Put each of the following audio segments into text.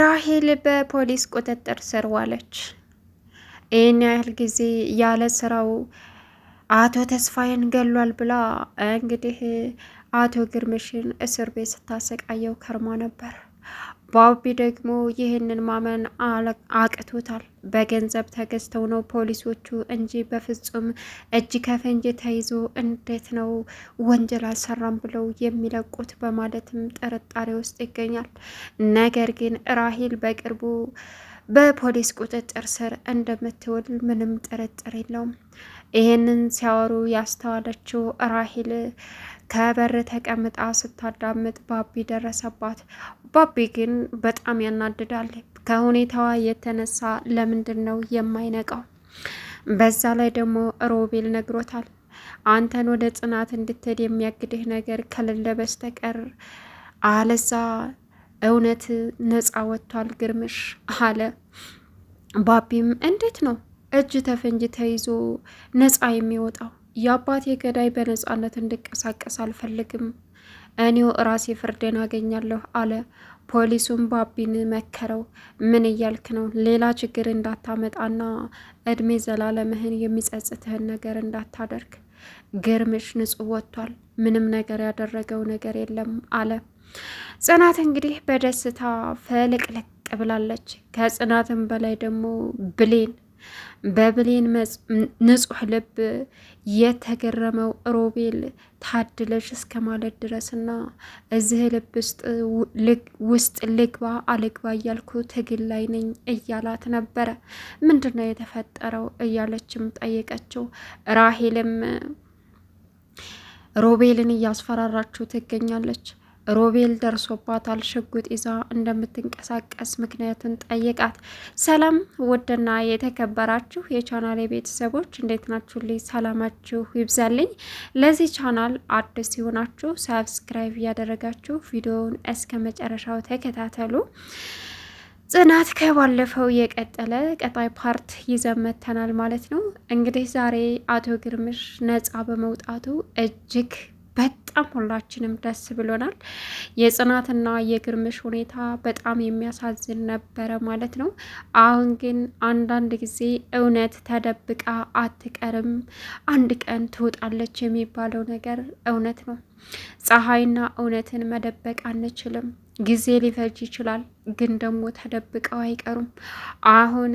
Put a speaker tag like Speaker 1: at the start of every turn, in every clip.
Speaker 1: ራሂል በፖሊስ ቁጥጥር ስር ዋለች። ይህን ያህል ጊዜ ያለ ስራው አቶ ተስፋዬን ገሏል ብላ እንግዲህ አቶ ግርምሽን እስር ቤት ስታሰቃየው ከርማ ነበር። ባቢ ደግሞ ይህንን ማመን አቅቶታል። በገንዘብ ተገዝተው ነው ፖሊሶቹ እንጂ በፍጹም እጅ ከፈንጅ ተይዞ እንዴት ነው ወንጀል አልሰራም ብለው የሚለቁት በማለትም ጥርጣሬ ውስጥ ይገኛል። ነገር ግን ራሂል በቅርቡ በፖሊስ ቁጥጥር ስር እንደምትውል ምንም ጥርጥር የለውም። ይህንን ሲያወሩ ያስተዋለችው ራሂል ከበር ተቀምጣ ስታዳምጥ ባቢ ደረሰባት። ባቢ ግን በጣም ያናድዳል። ከሁኔታዋ የተነሳ ለምንድን ነው የማይነቃው? በዛ ላይ ደግሞ ሮቤል ነግሮታል። አንተን ወደ ጽናት እንድትሄድ የሚያግድህ ነገር ከሌለ በስተቀር አለዛ እውነት ነፃ ወጥቷል ግርምሽ አለ። ባቢም እንዴት ነው እጅ ተፈንጅ ተይዞ ነፃ የሚወጣው? የአባቴ ገዳይ በነፃነት እንድንቀሳቀስ አልፈልግም፣ እኔው እራሴ ፍርድን አገኛለሁ አለ። ፖሊሱም ባቢን መከረው። ምን እያልክ ነው? ሌላ ችግር እንዳታመጣና እድሜ ዘላለምህን የሚጸጽትህን ነገር እንዳታደርግ። ግርምሽ ንጹሕ ወጥቷል፣ ምንም ነገር ያደረገው ነገር የለም አለ። ጽናት እንግዲህ በደስታ ፍልቅልቅ ብላለች። ከጽናትም በላይ ደግሞ ብሌን በብሌን ንጹሕ ልብ የተገረመው ሮቤል ታድለሽ እስከ ማለት ድረስና እዚህ ልብ ውስጥ ልግባ አልግባ እያልኩ ትግል ላይ ነኝ እያላት ነበረ። ምንድነው የተፈጠረው እያለችም ጠየቀችው። ራሄልም ሮቤልን እያስፈራራችሁ ትገኛለች። ሮቤል ደርሶባታል። ሽጉጥ ይዛ እንደምትንቀሳቀስ ምክንያትን ጠይቃት። ሰላም ውድና የተከበራችሁ የቻናል ቤተሰቦች እንዴት ናችሁ? ልይ ሰላማችሁ ይብዛልኝ። ለዚህ ቻናል አዲስ ሲሆናችሁ ሳብስክራይብ እያደረጋችሁ ቪዲዮውን እስከ መጨረሻው ተከታተሉ። ጽናት ከባለፈው የቀጠለ ቀጣይ ፓርት ይዘመተናል ማለት ነው። እንግዲህ ዛሬ አቶ ግርምሽ ነጻ በመውጣቱ እጅግ በጣም ሁላችንም ደስ ብሎናል። የጽናትና የግርምሽ ሁኔታ በጣም የሚያሳዝን ነበረ ማለት ነው። አሁን ግን አንዳንድ ጊዜ እውነት ተደብቃ አትቀርም፣ አንድ ቀን ትወጣለች የሚባለው ነገር እውነት ነው። ፀሐይና እውነትን መደበቅ አንችልም። ጊዜ ሊፈጅ ይችላል፣ ግን ደግሞ ተደብቀው አይቀሩም። አሁን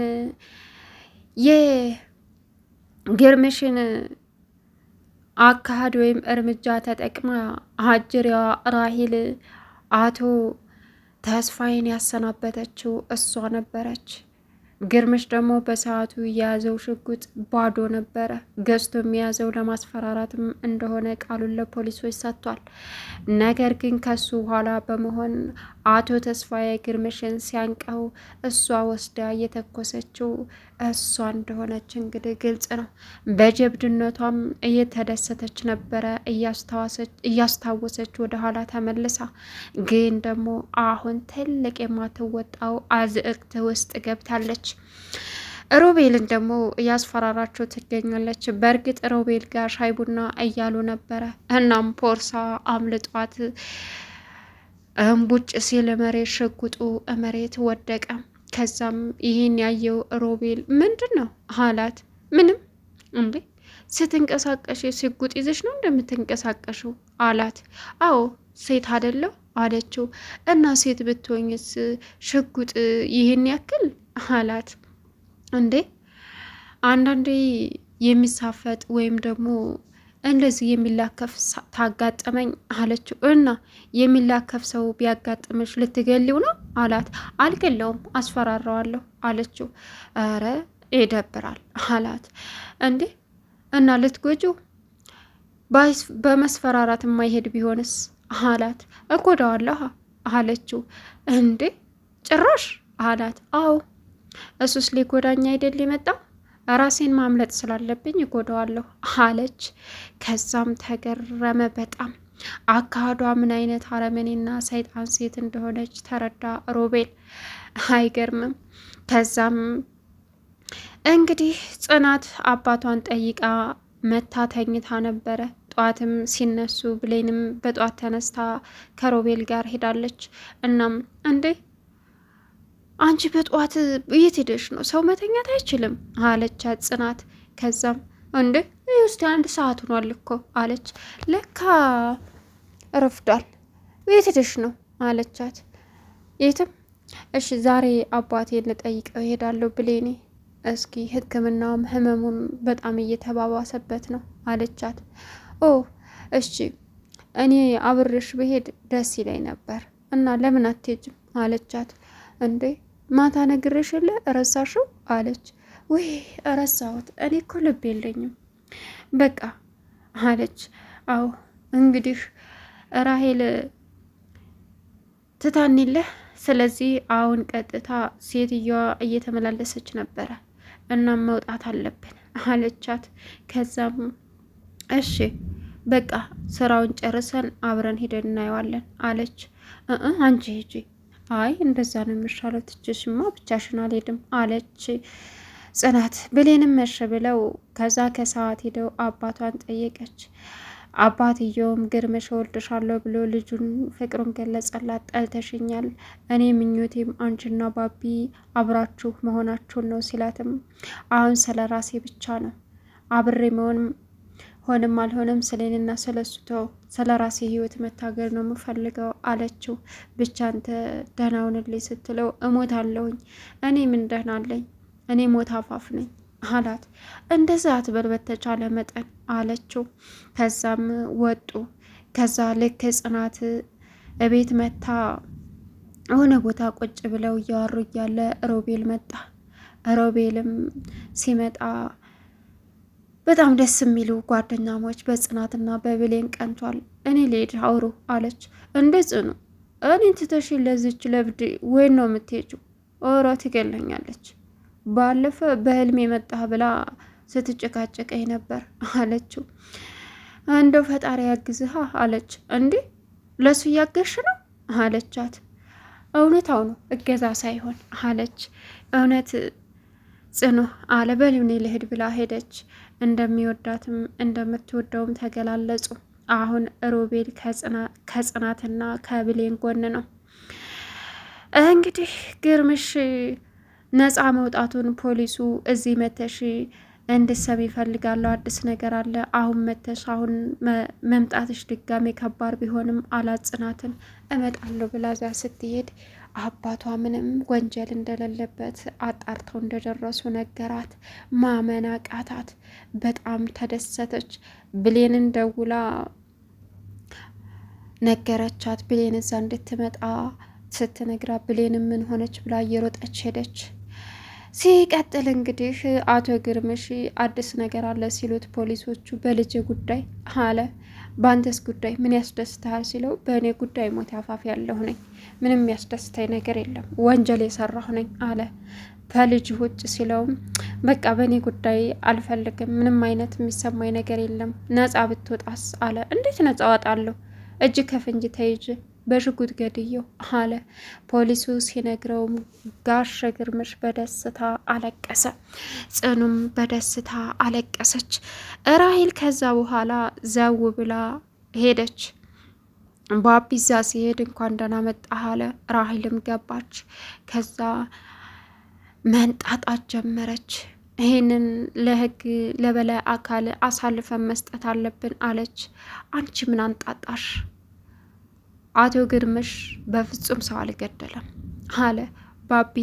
Speaker 1: የግርምሽን አካሄድ ወይም እርምጃ ተጠቅማ አጅሪያ ራሂል አቶ ተስፋዬን ያሰናበተችው እሷ ነበረች። ግርምሽ ደግሞ በሰዓቱ የያዘው ሽጉጥ ባዶ ነበረ። ገዝቶ የሚያዘው ለማስፈራራትም እንደሆነ ቃሉን ለፖሊሶች ሰጥቷል። ነገር ግን ከሱ ኋላ በመሆን አቶ ተስፋዬ ግርምሽን ሲያንቀው እሷ ወስዳ እየተኮሰችው እሷ እንደሆነች እንግዲህ ግልጽ ነው። በጀብድነቷም እየተደሰተች ነበረ እያስታወሰች ወደ ኋላ ተመልሳ፣ ግን ደግሞ አሁን ትልቅ የማትወጣው አዝእቅት ውስጥ ገብታለች። ሮቤልን ደግሞ እያስፈራራቸው ትገኛለች። በእርግጥ ሮቤል ጋር ሻይ ቡና እያሉ ነበረ። እናም ፖርሳ አምልጧት እምቡጭ ሲል መሬት ሽጉጡ መሬት ወደቀ። ከዛም ይህን ያየው ሮቤል ምንድን ነው አላት። ምንም እንዴ ስትንቀሳቀሽ ሽጉጥ ይዘሽ ነው እንደምትንቀሳቀሽው አላት። አዎ ሴት አደለሁ አለችው። እና ሴት ብትሆኝስ ሽጉጥ ይህን ያክል አላት። እንዴ አንዳንዴ የሚሳፈጥ ወይም ደግሞ እንደዚህ የሚላከፍ ታጋጠመኝ አለችው። እና የሚላከፍ ሰው ቢያጋጥምሽ ልትገሊው ነው አላት። አልገለውም፣ አስፈራረዋለሁ አለችው። ኧረ ይደብራል አላት። እንዴ እና ልትጎጁ በመስፈራራት የማይሄድ ቢሆንስ አላት። እጎዳዋለሁ አለችው። እንዴ ጭራሽ አላት። አዎ እሱስ ሊጎዳኝ አይደል የመጣው ራሴን ማምለጥ ስላለብኝ እጎዳዋለሁ አለች። ከዛም ተገረመ በጣም አካዷ ምን አይነት አረመኔና ሰይጣን ሴት እንደሆነች ተረዳ ሮቤል። አይገርምም። ከዛም እንግዲህ ጽናት አባቷን ጠይቃ መታ ተኝታ ነበረ። ጠዋትም ሲነሱ ብሌንም በጠዋት ተነስታ ከሮቤል ጋር ሄዳለች። እናም እንዴ አንቺ በጠዋት የት ሄደሽ ነው? ሰው መተኛት አይችልም አለቻት ጽናት። ከዛም እንዴ ውስጥ አንድ ሰዓት ሆኗል እኮ አለች። ለካ ረፍዷል። የት ሄደሽ ነው አለቻት። የትም። እሺ ዛሬ አባቴ ልጠይቀው እሄዳለሁ ብሌኔ እስኪ ሕክምናውም ህመሙን በጣም እየተባባሰበት ነው አለቻት። ኦ እሺ፣ እኔ አብርሽ ብሄድ ደስ ይለኝ ነበር እና ለምን አትሄጂም አለቻት። እንዴ ማታ ነግሬሽ የለ ረሳሽው? አለች። ወይ ረሳሁት፣ እኔ እኮ ልብ የለኝም በቃ አለች። አዎ እንግዲህ ራሄል ትታኒለህ። ስለዚህ አሁን ቀጥታ ሴትዮዋ እየተመላለሰች ነበረ። እናም መውጣት አለብን አለቻት። ከዛም እሺ በቃ ስራውን ጨርሰን አብረን ሄደን እናየዋለን አለች። አንቺ ሂጂ አይ እንደዛ ነው የሚሻለው፣ ትችሽማ ብቻሽን አልሄድም አለች ጽናት። ብሌንም መሽ ብለው ከዛ ከሰዓት ሄደው አባቷን ጠየቀች። አባትየውም ግርምሽ እወድሻለሁ ብሎ ልጁን ፍቅሩን ገለጸላት። ጠልተሽኛል፣ እኔ ምኞቴም አንቺና ባቢ አብራችሁ መሆናችሁን ነው ሲላትም አሁን ስለ ራሴ ብቻ ነው አብሬ መሆንም ሆንም አልሆነም ስለኔና ስለሱ ተው፣ ስለ ራሴ ህይወት መታገር ነው የምፈልገው አለችው። ብቻ አንተ ደህና ሁንልኝ ስትለው እሞት አለሁኝ እኔ ምን ደህና አለኝ እኔ ሞት አፋፍ ነኝ አላት። እንደዛ አትበል በተቻለ መጠን አለችው። ከዛም ወጡ። ከዛ ልክ ጽናት እቤት መታ የሆነ ቦታ ቁጭ ብለው እያወሩ እያለ ሮቤል መጣ። ሮቤልም ሲመጣ በጣም ደስ የሚሉ ጓደኛሞች በጽናትና በብሌን ቀንቷል። እኔ ልሄድ አውሩ አለች። እንደ ጽኑ እኔን ትተሽ ለዚች ለብድ ወይን ነው የምትሄጂው? ኦሮ ትገለኛለች። ባለፈ በህልም የመጣህ ብላ ስትጨቃጨቀኝ ነበር አለችው። እንደው ፈጣሪ ያግዝህ አለች። እንዴ ለሱ እያገሽ ነው አለቻት። እውነታው ነው እገዛ ሳይሆን አለች። እውነት ጽኑ አለበልኔ ልሄድ ብላ ሄደች። እንደሚወዳትም እንደምትወደውም ተገላለጹ። አሁን ሮቤል ከጽናትና ከብሌን ጎን ነው። እንግዲህ ግርምሽ ነፃ መውጣቱን ፖሊሱ እዚህ መተሽ እንድሰሚ ይፈልጋለሁ፣ አዲስ ነገር አለ። አሁን መተሽ አሁን መምጣትሽ ድጋሜ ከባድ ቢሆንም አላት ጽናትን እመጣለሁ ብላ እዚያ ስትሄድ አባቷ ምንም ወንጀል እንደሌለበት አጣርተው እንደደረሱ ነገራት። ማመን አቃታት። በጣም ተደሰተች። ብሌንን ደውላ ነገረቻት። ብሌን እዛ እንድትመጣ ስትነግራ ብሌን ምን ሆነች ብላ እየሮጠች ሄደች። ሲቀጥል እንግዲህ አቶ ግርምሽ አዲስ ነገር አለ ሲሉት ፖሊሶቹ በልጅ ጉዳይ አለ በአንተስ ጉዳይ ምን ያስደስትሃል ሲለው በእኔ ጉዳይ ሞት አፋፍ ያለሁ ነኝ፣ ምንም ያስደስተኝ ነገር የለም፣ ወንጀል የሰራሁ ነኝ አለ። ከልጅ ውጭ ሲለውም በቃ በእኔ ጉዳይ አልፈልግም፣ ምንም አይነት የሚሰማኝ ነገር የለም፣ ነፃ ብትወጣስ አለ። እንዴት ነፃ ወጣለሁ? እጅ ከፍንጅ ተይዤ በሽጉጥ ገድየው አለ። ፖሊሱ ሲነግረውም ጋሸ ግርምሽ በደስታ አለቀሰ። ጽኑም በደስታ አለቀሰች። ራሂል ከዛ በኋላ ዘው ብላ ሄደች። ባቢዛ ሲሄድ እንኳን ደህና መጣህ አለ። ራሂልም ገባች። ከዛ መንጣጣት ጀመረች። ይህንን ለህግ ለበላይ አካል አሳልፈን መስጠት አለብን አለች። አንቺ ምን አንጣጣሽ? አቶ ግርምሽ በፍጹም ሰው አልገደለም አለ ባቢ።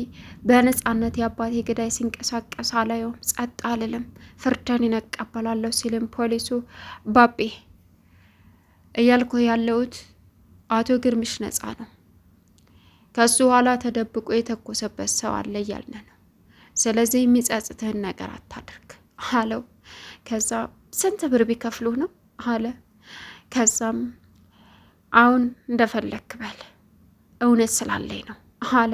Speaker 1: በነጻነት የአባቴ ገዳይ ሲንቀሳቀስ አላየውም፣ ጸጥ አልልም፣ ፍርደን ይነቀበላለሁ ሲልም ፖሊሱ ባቢ እያልኩ ያለሁት አቶ ግርምሽ ነጻ ነው። ከሱ ኋላ ተደብቆ የተኮሰበት ሰው አለ እያልን ነው። ስለዚህ የሚጸጽትህን ነገር አታድርግ አለው። ከዛ ስንት ብር ቢከፍሉ ነው አለ። ከዛም አሁን እንደፈለክ በል እውነት ስላለኝ ነው አለ።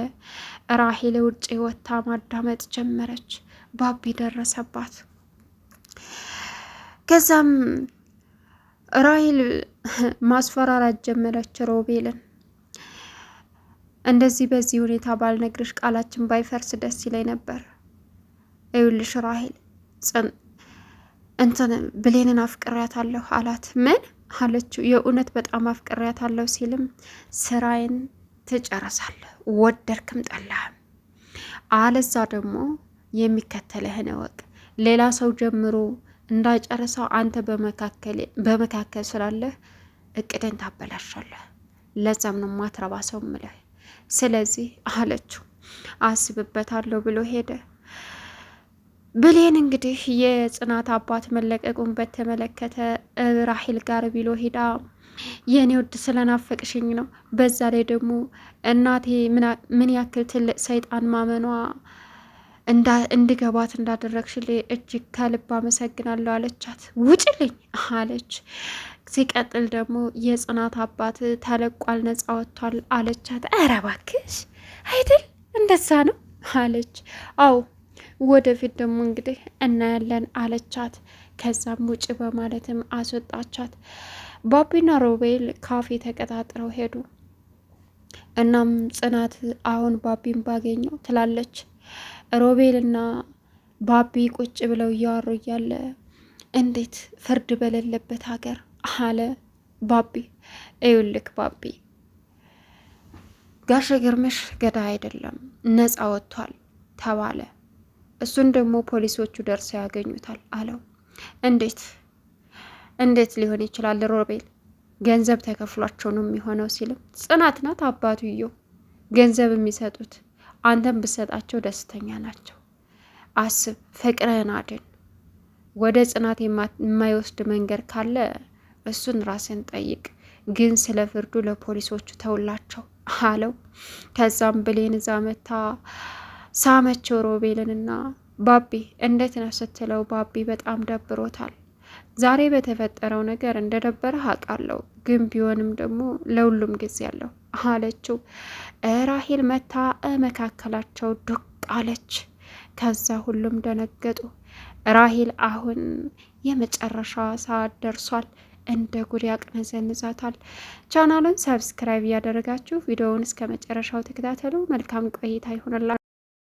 Speaker 1: ራሄል ውጭ ወታ ማዳመጥ ጀመረች። ባቢ ደረሰባት። ከዛም ራሄል ማስፈራራት ጀመረች ሮቤልን እንደዚህ በዚህ ሁኔታ ባልነግርሽ ቃላችን ባይፈርስ ደስ ይለኝ ነበር። እዩልሽ ራሄል እንትን ብሌንን አፍቅሬያታለሁ አላት። ምን አለችው። የእውነት በጣም አለው ሲልም ስራዬን ትጨርሳለህ ወደድክም ጠላህም፣ አለዛ ደግሞ የሚከተልህን እወቅ። ሌላ ሰው ጀምሮ እንዳጨረሰው አንተ በመካከል ስላለህ እቅድን ታበላሻለህ። ለዛም ነው ማትረባ ሰው ምለህ። ስለዚህ አለችው አስብበታለሁ ብሎ ሄደ። ብሌን እንግዲህ የጽናት አባት መለቀቁን በተመለከተ ራሂል ጋር ቢሎ ሄዳ የኔ ውድ ስለናፈቅሽኝ ነው። በዛ ላይ ደግሞ እናቴ ምን ያክል ትልቅ ሰይጣን ማመኗ እንድገባት እንዳደረግሽልኝ እጅግ ከልብ አመሰግናለሁ አለቻት። ውጭልኝ አለች። ሲቀጥል ደግሞ የጽናት አባት ተለቋል፣ ነጻ ወጥቷል አለቻት። ኧረ እባክሽ አይደል እንደዛ ነው አለች። አዎ ወደፊት ደግሞ እንግዲህ እናያለን አለቻት። ከዛም ውጭ በማለትም አስወጣቻት። ባቢና ሮቤል ካፌ ተቀጣጥረው ሄዱ። እናም ጽናት አሁን ባቢን ባገኘው ትላለች። ሮቤልና ባቢ ቁጭ ብለው እያወሩ እያለ እንዴት ፍርድ በሌለበት ሀገር አለ ባቢ። እዩልክ ባቢ ጋሽ ግርምሽ ገዳ አይደለም ነፃ ወጥቷል ተባለ። እሱን ደግሞ ፖሊሶቹ ደርሰው ያገኙታል አለው። እንዴት እንዴት ሊሆን ይችላል ሮቤል? ገንዘብ ተከፍሏቸው ነው የሚሆነው ሲልም ጽናት ናት አባትየው ገንዘብ የሚሰጡት አንተም ብሰጣቸው ደስተኛ ናቸው። አስብ፣ ፍቅርህን አድን። ወደ ጽናት የማይወስድ መንገድ ካለ እሱን ራስን ጠይቅ። ግን ስለ ፍርዱ ለፖሊሶቹ ተውላቸው አለው። ከዛም ብሌን እዛ መታ ሳመችው ሮቤልንና ባቢ እንዴት ነህ ስትለው ባቢ በጣም ደብሮታል። ዛሬ በተፈጠረው ነገር እንደደበረህ አውቃለሁ፣ ግን ቢሆንም ደግሞ ለሁሉም ጊዜ አለው አለችው። ራሄል መታ መካከላቸው ዱቅ አለች። ከዛ ሁሉም ደነገጡ። ራሂል አሁን የመጨረሻ ሰዓት ደርሷል። እንደ ጉድ ያቅነዘንዛታል። ቻናሉን ሰብስክራይብ እያደረጋችሁ ቪዲዮውን እስከ መጨረሻው ተከታተሉ። መልካም ቆይታ ይሆንላል።